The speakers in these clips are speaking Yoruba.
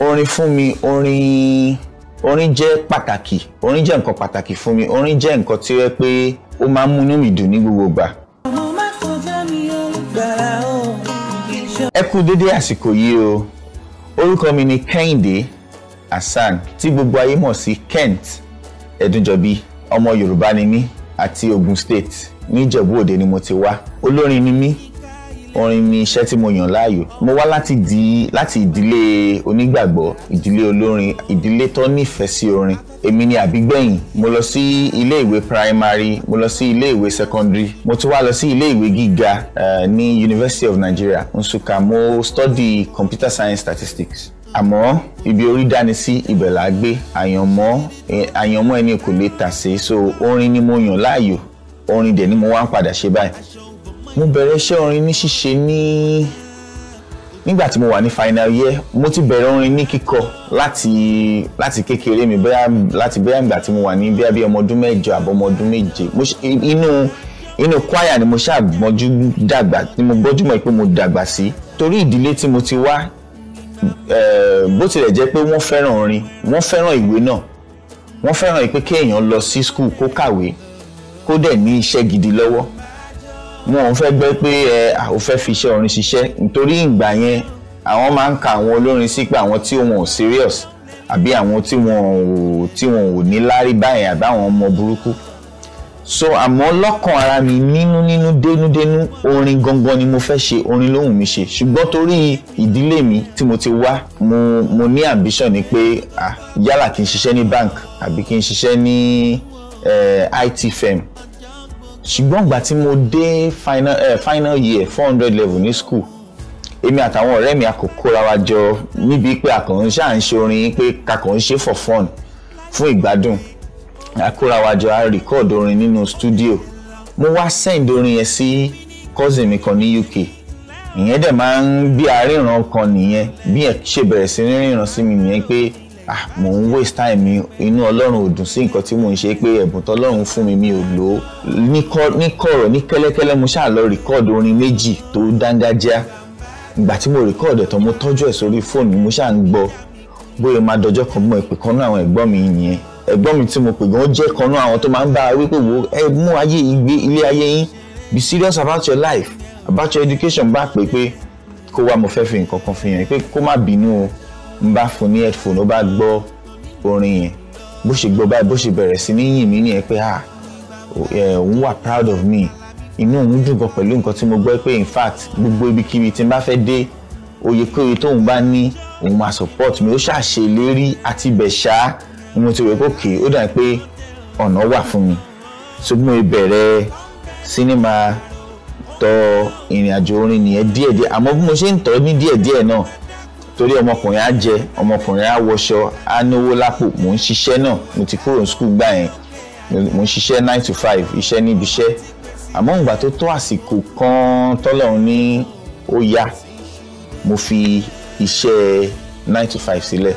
orin fún mi orin orin jẹ́ pàtàkì orin jẹ́ nǹkan pàtàkì fún mi orin jẹ́ nǹkan tí ó yẹ pé ó máa ń múnú mi dùn ní gbogbo ìgbà. ẹ kú dédé àsìkò yìí o orúkọ mi ni Kẹ́hìndé Hasan tí gbogbo ayé mọ̀ sí Kent Ẹ̀dúnjọ̀bí ọmọ Yorùbá ni mí àti Ogun State níjẹ̀bú òde ni mo ti wá olórin ni mí orin ni iṣẹ́ tí mo yàn láàyò mo wá láti di láti ìdílé onígbàgbọ́ ìdílé olórin ìdílé tó nífẹ̀ẹ́ sí orin èmi ni àbígbẹ̀yìn mo lọ sí ilé ìwé primary mo lọ sí ilé ìwé secondary mo tún wá lọ sí ilé ìwé gíga uh, ní University of Nigeria Nsukka mo study computer science statistics àmọ́ ibi orí dání sí ibẹ̀ là á gbé àyànmọ́ eh, àyànmọ́ ẹni kò lè tà sí so orin ni mo yàn láàyò orin dẹ̀ ni mo wá ń padà ṣe báyìí mo bẹ̀rẹ̀ iṣẹ́ orin ní ṣíṣe ní nígbà tí mo wà ní final year mo ti bẹ̀rẹ̀ orin ní kíkọ láti láti kékeré mi bóyá láti bóyá ìgbà tí mo wà ní bíi ọmọ ọdún mẹ́jọ àbọ̀ ọmọ ọdún méje inú inú kwaya ni mo ṣàgbọ́njú dàgbà ni mo gbọ́júmọ̀ pé mo dàgbà sí torí ìdílé tí mo ti wá eh, bó tilẹ̀ jẹ́ pé wọ́n fẹ́ràn orin wọ́n fẹ́ràn ìwé náà wọ́n fẹ́ràn pé kéèyàn lọ sí skul kó kàwé kó dẹ̀ ní iṣẹ́ gidi lọ́wọ́ wọn ò fẹ́ gbẹ́ pé ẹ àwọn fẹ́ fi iṣẹ́ orin ṣiṣẹ́ nítorí ìgbà yẹn àwọn máa ń ka àwọn olórin sí pé àwọn tí wọn ò serious àbí àwọn tí wọn ò tí wọn ò ní lárí báyìí àbáwọn ọmọ burúkú so àmọ́ lọ́kàn ara mi nínú nínú dénúdénú orin gangan ni mo fẹ́ ṣe orin lóhùn mi ṣe ṣùgbọ́n torí ìdílé mi tí mo ti wá mo mo ní ambition ni pé ah yálà kí n ṣiṣẹ́ ní bank àbí kí n ṣiṣẹ́ ní Eh, IT firm ṣùgbọ́n ìgbà tí mo dé final, eh, final year four hundred level ní school èmi àtàwọn ọ̀rẹ́ mi àkókòra wa jọ níbi pé àkàn ṣáà ń ṣe orin pé kakàn for fun fún ìgbádùn àkóra wa jọ a record orin nínú studio mo wá send orin yẹn sí cousin mi kan ní UK ìyẹn dẹ̀ máa ń bí aríran kan nìyẹn bí ẹ̀ ṣe bẹ̀rẹ̀ sí ní ríran sí mi nìyẹn pé ah mò ń waste time mi inú ọlọ́run ò dùn sí nǹkan tí mò ń ṣe pé ẹ̀bùn tọ́lọ́run fún mi mi ò lò ó ní kọ̀rọ̀ ní kẹ́lẹ́kẹ́lẹ́ mo ṣáà lọ rìkọ́ọ̀dù orin méjì tó dángájá ìgbà tí mo rìkọ́ọ̀dù ẹ̀tọ́ mo tọ́jú ẹ̀ sórí fóònù mo ṣáà ń gbọ́ bóyá máa dọjọ́ kan mọ́ ìpè kan náà àwọn ẹ̀gbọ́n mi yẹn ẹ̀gbọ́n mi tí mo pè gan jẹ́ kan náà àwọn tó máa ń bá wípé wo ẹ mú ayé ìgbé ilé ayé yín be serious about your life about your education bá pè pé kó wá mo fẹ́ fi nǹkan kan fi hàn pé kó má bínú o n bá fún ní headphone ó bá gbọ́ orin yẹn bó ṣe gbọ́ báyìí bó ṣe bẹ̀rẹ̀ sí ní yìn mí nìyẹn pé òun wà proud of me inú òun dùn gan pẹ̀lú nǹkan tí mo gbọ́ pé in fact gbogbo ibikíbi tí n bá fẹ́ dé oyè kóye tóun bá ní òun máa support mi ó ṣàṣe ìlérí àti ibẹ̀ ṣá ni mo ti rò pé òkè ó dàbí pé ọ̀nà wà fún mi so bí mo bẹ̀rẹ̀ sinima tọ ìrìn àjò orin nìyẹn díẹ̀díẹ̀ àmọ́ bí mo ṣe ń tọ́ ní díẹ̀díẹ̀ náà torí ọmọkùnrin á jẹ ọmọkùnrin á wọṣọ á náwó lápò mò ń ṣiṣẹ́ náà mo ti kúrò ní skul gbà yẹn mo ń ṣiṣẹ́ nine to five iṣẹ́ níbi iṣẹ́ àmọ́ ìgbà tó tó àsìkò kan tọ́lọ́run ní ó yá mo fi iṣẹ́ nine to five sílẹ̀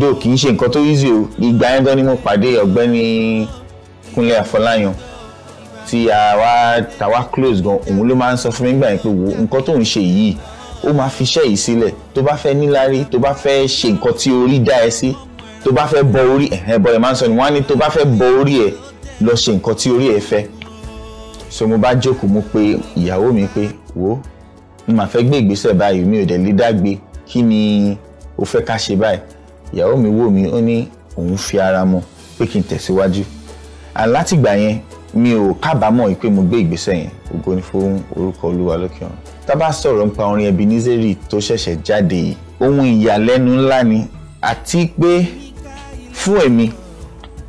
dó kì í ṣe nǹkan tó easy o ìgbà yẹn gan ni mo pàdé ọ̀gbẹ́ni Kúnlé Afọláyan tí àwa tàwa close gan òun ló máa ń sọ fún mi gbà yẹn pé wo nǹkan tó ń ṣe yìí ó máa fi iṣẹ́ yìí sílẹ̀ tó bá fẹ́ níláárí tó bá fẹ́ ṣe nǹkan tí orí dá ẹ sí tó bá fẹ́ bọ orí ẹ̀ bọ̀rẹ̀ máa ń sọ ni wọ́n á ní tó bá fẹ́ bọ orí ẹ̀ lọ ṣe nǹkan tí orí ẹ̀ fẹ́ so mo bá jókòó mo pe ìyàwó mi pé wo n máa fẹ́ gbé ìgbésẹ̀ báyìí mi ò dẹ̀ lè dágbe kí ni o fẹ́ ká ṣe báyìí ìyàwó mi wò mí ó ní òun fi ara mọ pé kí n tẹ̀síwájú àlátìgbà yẹn mi ò kábàámọ̀ pé mo gbé ìgbésẹ̀ yẹn ògo ni fún orúkọ olúwa lókè ọ̀run tá bá sọ̀rọ̀ nípa orin Ebenezer tó ṣẹ̀ṣẹ̀ jáde yìí ohun ìyàlẹ́nu ńlá ni àti pé fún èmi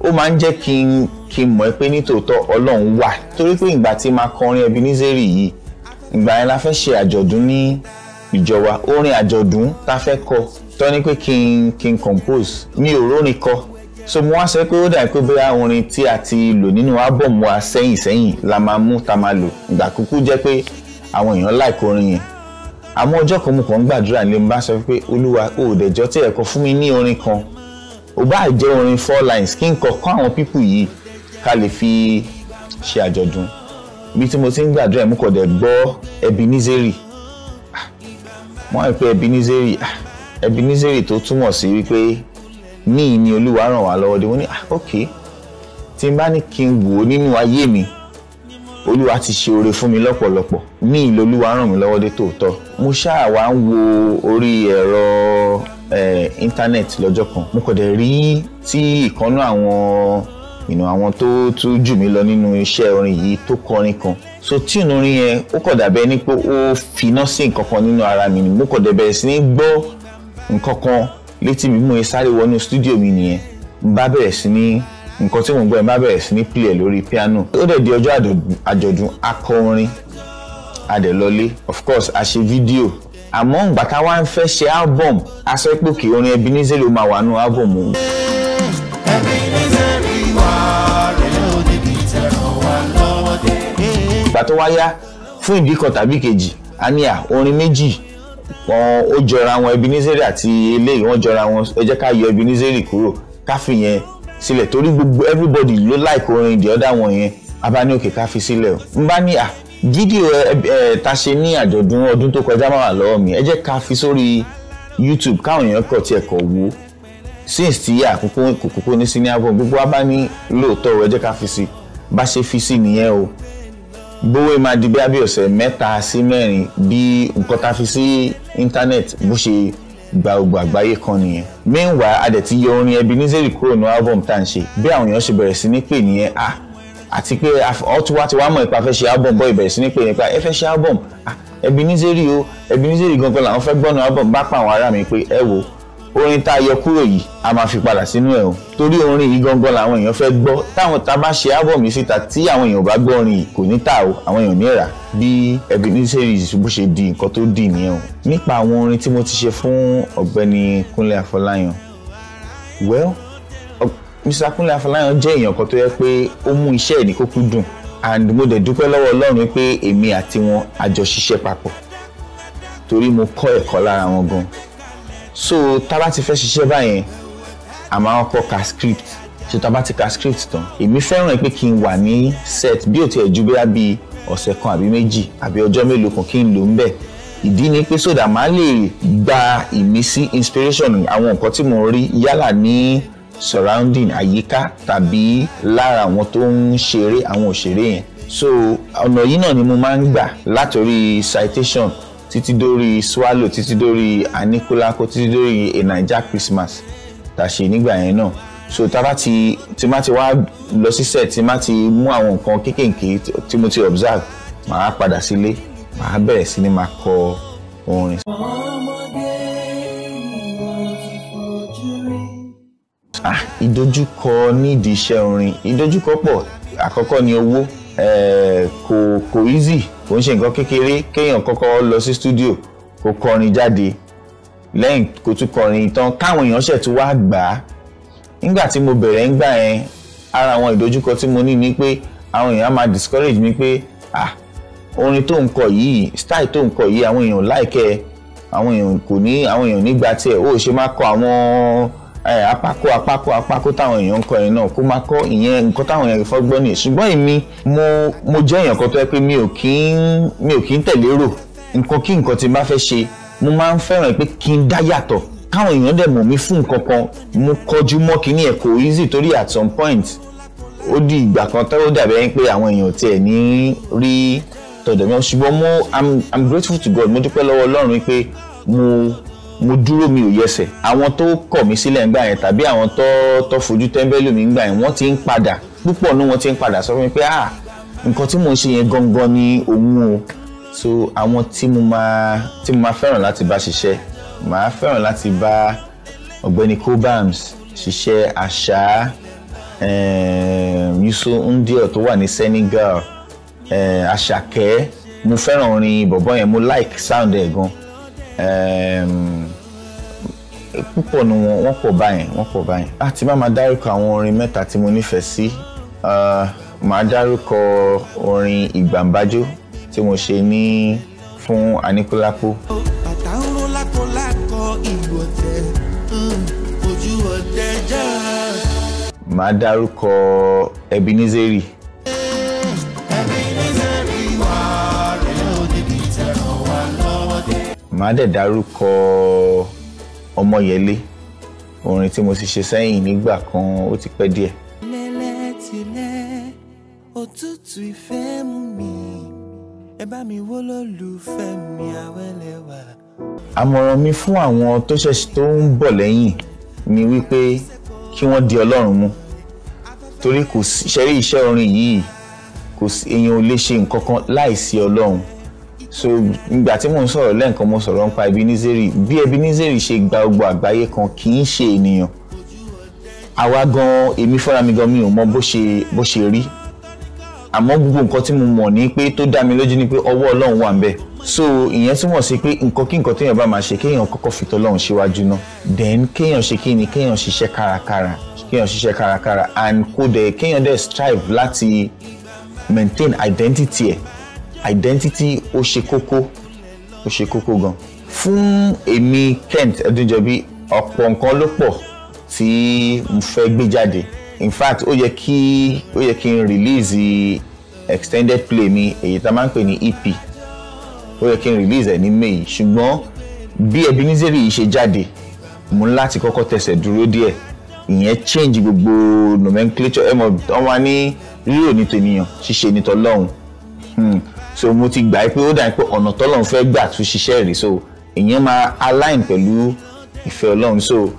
ó máa ń jẹ́ kí n kí n mọ̀ ẹ́ pé nítòótọ́ ọlọ́run wà torí pé ìgbà tí máa kọrin Ebenezer yìí ìgbà yẹn la fẹ́ ṣe àjọ̀dún ní ìjọ wa orin àjọ̀dún tá fẹ́ kọ tọ́ ni pé kí n kí n compose mi ò rórin kọ so mo wá sọ pé ó dàbí pé bóyá orin tí a ti lò nínú ábọ̀mù wa sẹ́yìn sẹ́yìn la máa mú ta máa lò ìgbà kúkú jẹ́ pé àwọn èèyàn láìkó orin yẹn àmọ́ ọjọ́ kan mo kàn ń gbàdúrà ní bá sọ pé olúwa o dẹ̀jọ́ tí ẹ̀kọ́ fún mi ní orin kan ò bá jẹ́ orin four lines kí n kọ́ kọ́ àwọn pípù yìí ká lè fi ṣe àjọ̀dún bí tí mo ti ń gbàdúrà mo kàn dẹ̀ gbọ́ Ebenezeri wọ́n á pe Ebenezeri ah, Ebenezeri tó túmọ̀ sí wípé ní ìní olúwa ràn wá lọ́wọ́ de wọ́n ní ah, ok tí n bá ní kí n wò ó nínú ayé mi olúwa ti ṣe oore fún mi lọ́pọ̀lọpọ̀ mí ìlolúwa ràn mí lọ́wọ́ dé tòótọ́ mo ṣáà wá ń wo orí ẹ̀rọ íńtánẹ́ẹ̀tì lọ́jọ́ kan mo kàn dẹ̀ rí tí ìkànnú àwọn ìnà àwọn tó tún jù mí lọ nínú iṣẹ́ orin yìí tó kọrin kan so tíìnù orin yẹn ó kàn dàbẹ́ ní pé ó finá sí nǹkan kan nínú ara mi ni mo kàn dẹ̀ bẹ̀rẹ̀ sí ní gbọ́ nǹkan kan létí mi mú e sáré wọnú stúdíò mi nìyẹn n bá bẹ̀rẹ̀ sí ní nǹkan tí mò ń gbọ́ ẹ̀ má bẹ̀rẹ̀ sí ní play ẹ̀ lórí piano ó dẹ̀ di ọjọ́ àjọ̀dún akọrin adẹ̀lọlé of course a ṣe fídíò àmọ́ ìgbà táwa ń fẹ́ ṣe album a sọ pé kí orin Ebenezer ló máa wà nù album òun. ìgbà tó wáyá fún ìdí kan tàbí kejì a orin méjì wọn ó jọra wọn Ebenezer àti eléyìí wọn jọra wọn ẹ jẹ́ ká yọ Ebenezer kúrò ká yẹn sílẹ̀ torí gbogbo everybody ló like orin the other one yẹn a bá ní òkè ká fi sílẹ̀ o n bá ní à ah, fídíò ẹ ta ṣe ní àjọ̀dún ọdún tó kọjá máa wà lọ́wọ́ mi ẹ jẹ́ ká fi sórí YouTube káwọn èèyàn kọ̀ tí ẹ kọ̀ wo since ti yà kókó kókó ní sí ní abọ́ gbogbo wa bá ní lóòótọ́ ẹ jẹ́ ká fi sí bá ṣe fi sí nìyẹn o gbówó máa di bí abẹ́ ọ̀sẹ̀ mẹ́ta sí mẹ́rin bí nǹkan tá a fi sí íńtánẹ́ẹ̀tì bó ṣe gba ogbò àgbáyé kan nìyẹn. meanwhile a dẹ̀ ti yọ orin Ebenezer kúrò ní album tá à ṣe bí àwọn èèyàn ṣe bẹ̀rẹ̀ sí ní pè nìyẹn a ah! àti pé ọtún wá ti wá mọ̀ ipa fẹ́ ṣe album bọ́ ìbẹ̀rẹ̀ sí ní pè nípa ẹ fẹ́ ṣe album ah, Ebenezer o Ebenezer gangan làwọn fẹ́ gbọ́nà album bá pa àwọn ará mi pé ẹ wo orin tá a yọ kúrò yìí a máa fi padà sínú ẹ̀ o torí orin yìí gangan làwọn èèyàn fẹ́ gbọ́ táwọn tá a bá ṣe ábọ̀mù síta tí àwọn èèyàn bá gbọ́ orin yìí kò ní tà o àwọn èèyàn ní rà bí Ebenezer bó ṣe di nǹkan tó dì nìyẹn o nípa àwọn orin tí mo ti ṣe fún ọ̀gbẹ́ni Kúnlé Afọláyan well Mr Kúnlé Afọláyan jẹ́ èèyàn kan tó yẹ pé ó mú iṣẹ́ ìní kókó dùn and mo dẹ̀ dúpẹ́ lọ́wọ́ Ọlọ́run pé èmi àti wọn àjọṣiṣẹ́ papọ̀ torí mo kọ́ ẹ̀kọ́ lára wọn gan-an so tá a bá ti fẹ́ ṣiṣẹ́ báyẹn a máa kọ́ ka script ṣe tá a bá ti ka script tán èmi fẹ́ràn ẹ pé kí n wà ní set bí ò tiẹ̀ ju bóyá bíi ọ̀sẹ̀ kan àbí méjì àbí ọjọ́ mélòó kan kí n lò ń bẹ̀ ìdí ni pé sódà máa lè gba ìmísí inspiration àwọn nǹkan tí mo rí yálà ní surrounding àyíká tàbí lára àwọn tó ń ṣeré àwọn òṣèré yẹn so ọ̀nà yìí náà ni mo máa ń gbà látòrí citation títí dórí swallow títí dórí anikulako títí dórí a naija christmas tá ṣe nígbà yẹn náà so tá bá ti tí má ti wá lọ sí set tí má ti mú àwọn nǹkan kéékèèké tí mo ti observe màá padà sílé màá bẹ̀rẹ̀ sí ni màá kọ orin. ah ìdojúkọ nídìí iṣẹ́ orin ìdojúkọ pọ̀ àkọ́kọ́ ni owó eh, kò kò easy kò ń ṣe nǹkan kékeré kéèyàn kọ́kọ́ lọ sí studio kó kọrin jáde lẹ́yìn kó tún kọrin tán káwọn èèyàn ṣẹ̀ tún wá gbà á nígbà tí mo bẹ̀rẹ̀ ń gbà yẹn ara àwọn ìdojúkọ tí mo ní ni pé àwọn èèyàn máa discourage mi pé ah orin tó ń kọ yìí style tó ń kọ yìí àwọn èèyàn láìkẹ́ àwọn èèyàn kò ní àwọn èèyàn nígbà tiẹ̀ ó ṣe máa kọ àwọn apákó apákó apákó táwọn èèyàn ń kọ yẹn náà kó má kọ ìyẹn nǹkan táwọn èèyàn fọ́ gbọ́ ṣùgbọ́n èmi mo mo jẹ́ èèyàn kan tó yẹ pé mi ò kí ń mi ò kí ń tẹ̀lé rò nǹkan kí nǹkan tí n bá fẹ́ ṣe mo máa ń fẹ́ràn pé kí n dá yàtọ̀ káwọn èèyàn dẹ̀ mọ̀ mí fún nǹkan kan mo kọjú mọ́ kínní ẹ̀ kò easy torí at some point ó di ìgbà kan tó dàbẹ̀ pé àwọn èèyàn tiẹ̀ ní rí tọ̀dọ̀ mi ṣùgbọ́n mo i'm i'm grateful to God mo dúpẹ́ lọ́wọ́ Ọlọ́run pé mo mo dúró mi ò yẹsẹ̀ àwọn tó kọ̀ mí sílẹ̀ ńgbà yẹn tàbí àwọn tó tó fojú tẹ́ńbẹ́lú mi ńgbà yẹn wọ́n ti ń padà púpọ̀ ní wọ́n ti ń padà sọ fún mi pé ah nǹkan tí mò ń ṣe yẹn gangan ni òun o so àwọn tí mo máa tí mo máa fẹ́ràn láti bá ṣiṣẹ́ màá fẹ́ràn láti bá ọ̀gbẹ́ni Cobams ṣiṣẹ́ àṣà ehm, Yusu Ndio tó wà ní Senegal eh, àṣàkẹ́ mo fẹ́ràn orin bọ̀bọ́ yẹn mo like sound ẹ̀ gan. Um, púpọ̀ ni wọn wọ́n pọ̀ báyẹn wọ́n pọ̀ báyẹn a ti máa ma dárúkọ àwọn orin mẹ́ta tí mo nífẹ̀ẹ́ sí màá dárúkọ orin ìgbàǹbájú tí mo ṣe ní fún Aníkúlápó. bàtà ń ro lákòlákò ìlú ọ̀tẹ̀ mm, ojú ọ̀tẹ̀ já. màá dárúkọ Ebenezeri. màá dẹ̀ dárúkọ ọmọyẹlé orin tí mo ti ṣe sẹ́yìn nígbà kan ó ti pẹ́ díẹ̀. lẹ́lẹ́ tilẹ̀ òtútù ìfẹ́ mú mi ẹ bá mi wó lólùfẹ́ mi àwẹ́lẹ́wà. àmọ̀ràn mi fún àwọn tó ṣẹ̀ṣẹ̀ tó ń bọ̀ lẹ́yìn ni wípé kí wọ́n di ọlọ́run mú torí kò ṣẹ́rí iṣẹ́ orin yìí kò èèyàn ò lè ṣe nǹkan kan láìsí ọlọ́run so ìgbà tí mò ń sọ̀rọ̀ lẹ́ẹ̀kan mo sọ̀rọ̀ nípa Ebenezeri bí Ebenezeri ṣe gba gbogbo àgbáyé kan kì í ṣe ènìyàn àwa gan èmi fúnra mi gan mi ò mọ bó ṣe bó ṣe rí àmọ́ gbogbo nǹkan tí mo mọ̀ ní pé tó dá mi lójú ni pé ọwọ́ Ọlọ́run wà ń bẹ̀ so ìyẹn túmọ̀ sí pé nǹkan kí nǹkan téèyàn bá máa ṣe kéèyàn kọ́kọ́ fi tọ́lọ́run síwájú náà then kéèyàn ṣe kí ni kéèyàn ṣiṣẹ́ kárakára kéèyàn ṣiṣẹ́ kárakára and kó dẹ̀ kéèyàn dẹ̀ strive láti maintain identity ẹ̀ identity ó ṣe kókó ó ṣe kókó gan. fún èmi Kent Ẹdúnjọbí ọ̀pọ̀ nǹkan ló pọ̀ tí mo fẹ́ gbé jáde in fact ó yẹ kí ó yẹ kí n release extended play mi èyí tá a máa ń pè ní EP ó yẹ kí n release ẹ̀ ní May ṣùgbọ́n bí Ebenezer yìí ṣe jáde mo ń láti kọ́kọ́ tẹsẹ̀ dúró díẹ̀ ìyẹn change gbogbo nomenclature ẹ mọ̀ wọ́n wá ní rírò ní tènìyàn ṣíṣe ní tọlọ́hun hmm so mo ti gbà pé ó dà pé ọ̀nà tọ́lọ́run fẹ́ gbà tún ṣiṣẹ́ rẹ̀ so èèyàn máa align pẹ̀lú ìfẹ́ ọlọ́run so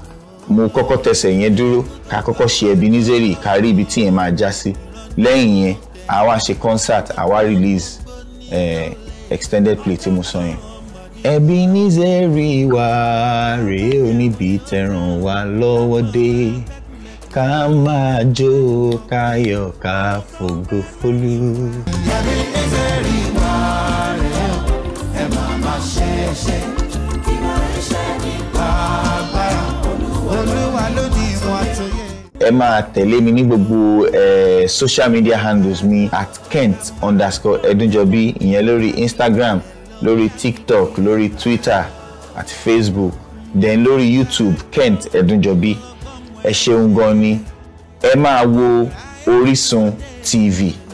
mo kọ́kọ́ tẹsẹ̀ yẹn dúró ká kọ́kọ́ ṣe ẹbí nízẹ́rì ká rí ibi tí yẹn máa já sí lẹ́yìn yẹn àwa ṣe concert àwa release eh, extended play tí mo sọ yẹn. ẹbí nízẹ́rì wa rèé oníbi tẹ̀ràn wa lọ́wọ́ dé ká máa jó ká yọ̀ ká fògo fólú nítorí wà rẹ̀ ẹ máa tẹ̀lé mi ní gbogbo social media handles mi at kent underscore edunjobi ìyẹn lórí instagram lórí tiktok lórí twitter àti facebook then lórí youtube kent edunjobi ẹ ṣeun gan ni ẹ máa wo orísun tv.